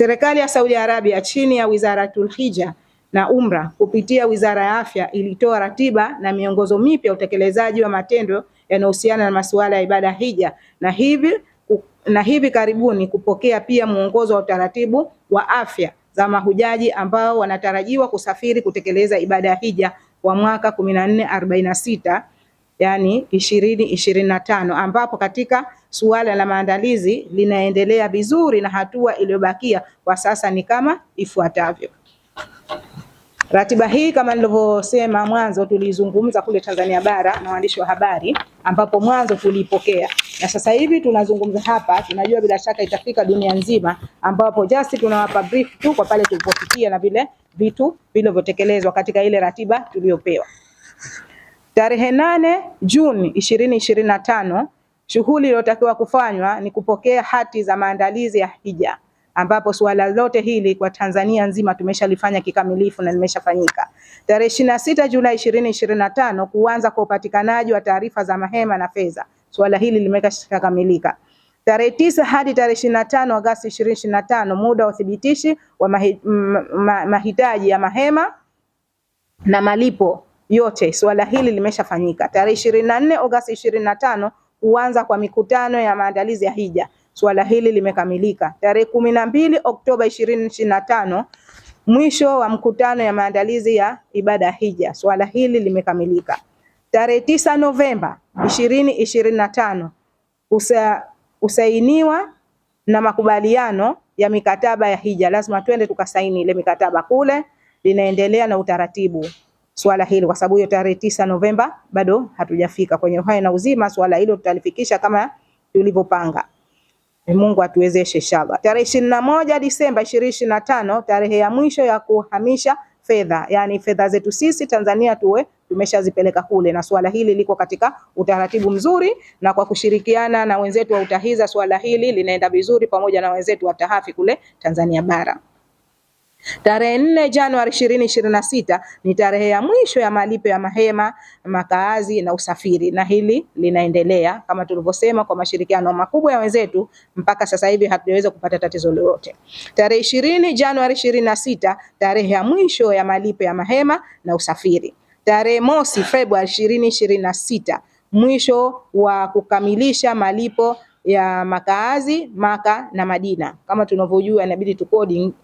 Serikali ya Saudi Arabia chini ya Wizaratul Hija na Umra kupitia Wizara ya Afya ilitoa ratiba na miongozo mipya utekelezaji wa matendo yanayohusiana na masuala ya ibada hija, na hivi na hivi karibuni kupokea pia mwongozo wa utaratibu wa afya za mahujaji ambao wanatarajiwa kusafiri kutekeleza ibada hija kwa mwaka 1446 yani ishirini ishirini na tano ambapo katika suala la maandalizi linaendelea vizuri na hatua iliyobakia kwa sasa ni kama ifuatavyo. Ratiba hii kama nilivyosema mwanzo, tulizungumza kule Tanzania bara na waandishi wa habari, ambapo mwanzo tulipokea na sasa hivi tunazungumza hapa. Tunajua bila shaka itafika dunia nzima, ambapo just tunawapa brief tu kwa pale tulipofikia na vile vitu vilivyotekelezwa katika ile ratiba tuliyopewa. Tarehe nane Juni ishirini ishirini na tano shughuli iliyotakiwa kufanywa ni kupokea hati za maandalizi ya hija, ambapo suala lote hili kwa Tanzania nzima tumeshalifanya kikamilifu na limeshafanyika. Tarehe ishirini na sita Julai ishirini ishirini na tano kuanza kwa upatikanaji wa taarifa za mahema na fedha, suala hili limeshakamilika. Tarehe tisa hadi tarehe ishirini na tano Agosti ishirini ishirini na tano muda wa uthibitishi wa mahi, mahitaji ya mahema na malipo yote. Suala hili limeshafanyika tarehe ishirini na nne Agosti ishirini na tano kuanza kwa mikutano ya maandalizi ya hija. Suala hili limekamilika tarehe kumi na mbili Oktoba ishirini na tano mwisho wa mkutano ya maandalizi ya ibada ya hija. Suala hili limekamilika tarehe tisa Novemba ishirini ishirini na tano usa, usainiwa na makubaliano ya mikataba ya hija. Lazima twende tukasaini ile mikataba kule, linaendelea na utaratibu swala hili, kwa sababu hiyo tarehe tisa Novemba bado hatujafika kwenye uhai na uzima. Swala hilo tutalifikisha kama tulivyopanga. E, Mungu atuwezeshe inshallah. Tarehe ishirini na moja Disemba ishirini na tano tarehe ya mwisho ya kuhamisha fedha, yani fedha zetu sisi Tanzania tuwe tumeshazipeleka kule, na swala hili liko katika utaratibu mzuri, na kwa kushirikiana na wenzetu wa Utahiza swala hili linaenda vizuri, pamoja na wenzetu wa Tahafi kule Tanzania bara. Tarehe nne Januari ishirini ishirini na sita ni tarehe ya mwisho ya malipo ya mahema, makaazi na usafiri, na hili linaendelea kama tulivyosema, kwa mashirikiano makubwa ya wenzetu. Mpaka sasa hivi hatujaweza kupata tatizo lolote. Tarehe ishirini Januari ishirini na sita tarehe ya mwisho ya malipo ya mahema na usafiri. Tarehe mosi Februari ishirini ishirini na sita mwisho wa kukamilisha malipo ya makaazi Maka na Madina. Kama tunavyojua inabidi tukodi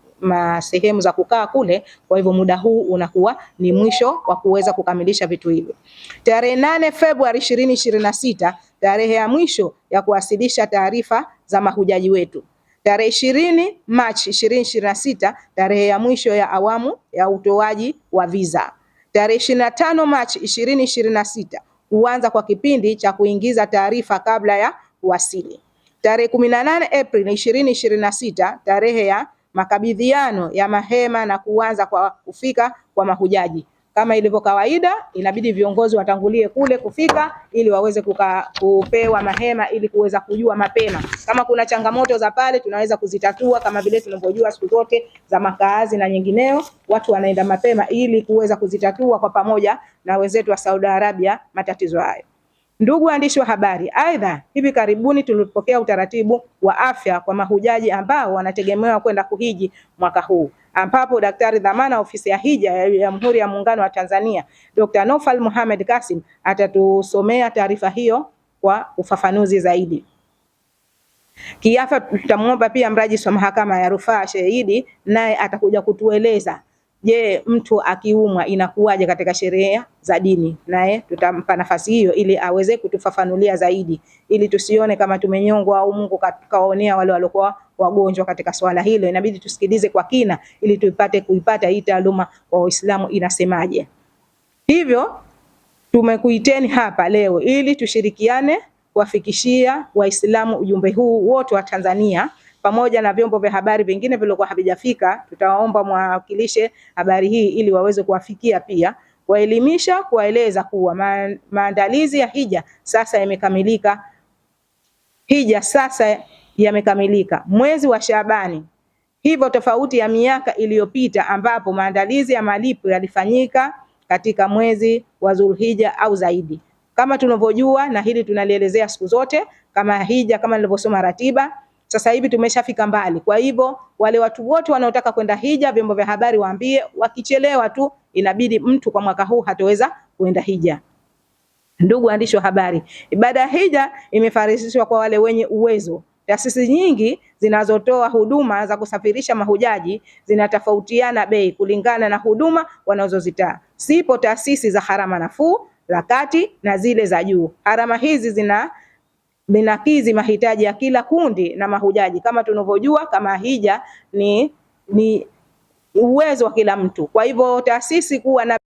sehemu za kukaa kule. Kwa hivyo muda huu unakuwa ni mwisho wa kuweza kukamilisha vitu hivyo. Tarehe nane Februari ishirini ishirini na sita tarehe ya mwisho ya kuwasilisha taarifa za mahujaji wetu. Tarehe ishirini Machi ishirini ishirini na sita tarehe ya mwisho ya awamu ya utoaji wa visa. Tarehe ishirini na tano Machi ishirini ishirini na sita kuanza kwa kipindi cha kuingiza taarifa kabla ya kuwasili. Tarehe kumi na nane Aprili ishirini ishirini na sita tarehe ya makabidhiano ya mahema na kuanza kwa kufika kwa mahujaji. Kama ilivyo kawaida, inabidi viongozi watangulie kule kufika ili waweze kuka, kupewa mahema ili kuweza kujua mapema kama kuna changamoto za pale, tunaweza kuzitatua kama vile tunavyojua siku zote za makaazi na nyingineo. Watu wanaenda mapema ili kuweza kuzitatua kwa pamoja na wenzetu wa Saudi Arabia matatizo hayo. Ndugu waandishi wa habari, aidha, hivi karibuni tulipokea utaratibu wa afya kwa mahujaji ambao wanategemewa kwenda kuhiji mwaka huu, ambapo daktari dhamana ofisi ya hija ya Jamhuri ya Muungano wa Tanzania Dr. Nofal Mohamed Kasim atatusomea taarifa hiyo kwa ufafanuzi zaidi. Kiafa tutamwomba pia mrajis wa mahakama ya rufaa sheidi naye atakuja kutueleza je, mtu akiumwa inakuwaje katika sheria za dini? Naye tutampa nafasi hiyo ili aweze kutufafanulia zaidi, ili tusione kama tumenyongwa au Mungu kawaonea wale waliokuwa wagonjwa katika swala hilo. Inabidi tusikilize kwa kina, ili tuipate kuipata hii taaluma wa Uislamu inasemaje. Hivyo tumekuiteni hapa leo ili tushirikiane kuwafikishia Waislamu ujumbe huu wote wa Tanzania pamoja na vyombo vya habari vingine vilivyokuwa havijafika, tutaomba mwakilishe habari hii ili waweze kuwafikia pia, kuwaelimisha, kuwaeleza kuwa maandalizi ya hija sasa yamekamilika. Hija sasa yamekamilika mwezi wa Shabani, hivyo tofauti ya miaka iliyopita ambapo maandalizi ya malipo yalifanyika katika mwezi wa Zulhija au zaidi, kama tunavyojua, na hili tunalielezea siku zote, kama hija, kama nilivyosoma ratiba sasa hivi tumeshafika mbali. Kwa hivyo wale watu wote wanaotaka kwenda hija, vyombo vya habari waambie, wakichelewa tu inabidi mtu kwa mwaka huu hatoweza kuenda hija. Ndugu waandishi wa habari, ibada ya hija imefarisishwa kwa wale wenye uwezo. Taasisi nyingi zinazotoa huduma za kusafirisha mahujaji zinatofautiana bei kulingana na huduma wanazozitaa Sipo taasisi za harama nafuu, za kati na zile za juu. Harama hizi zina vinakidhi mahitaji ya kila kundi na mahujaji. Kama tunavyojua kama hija ni, ni uwezo wa kila mtu, kwa hivyo taasisi kuwa na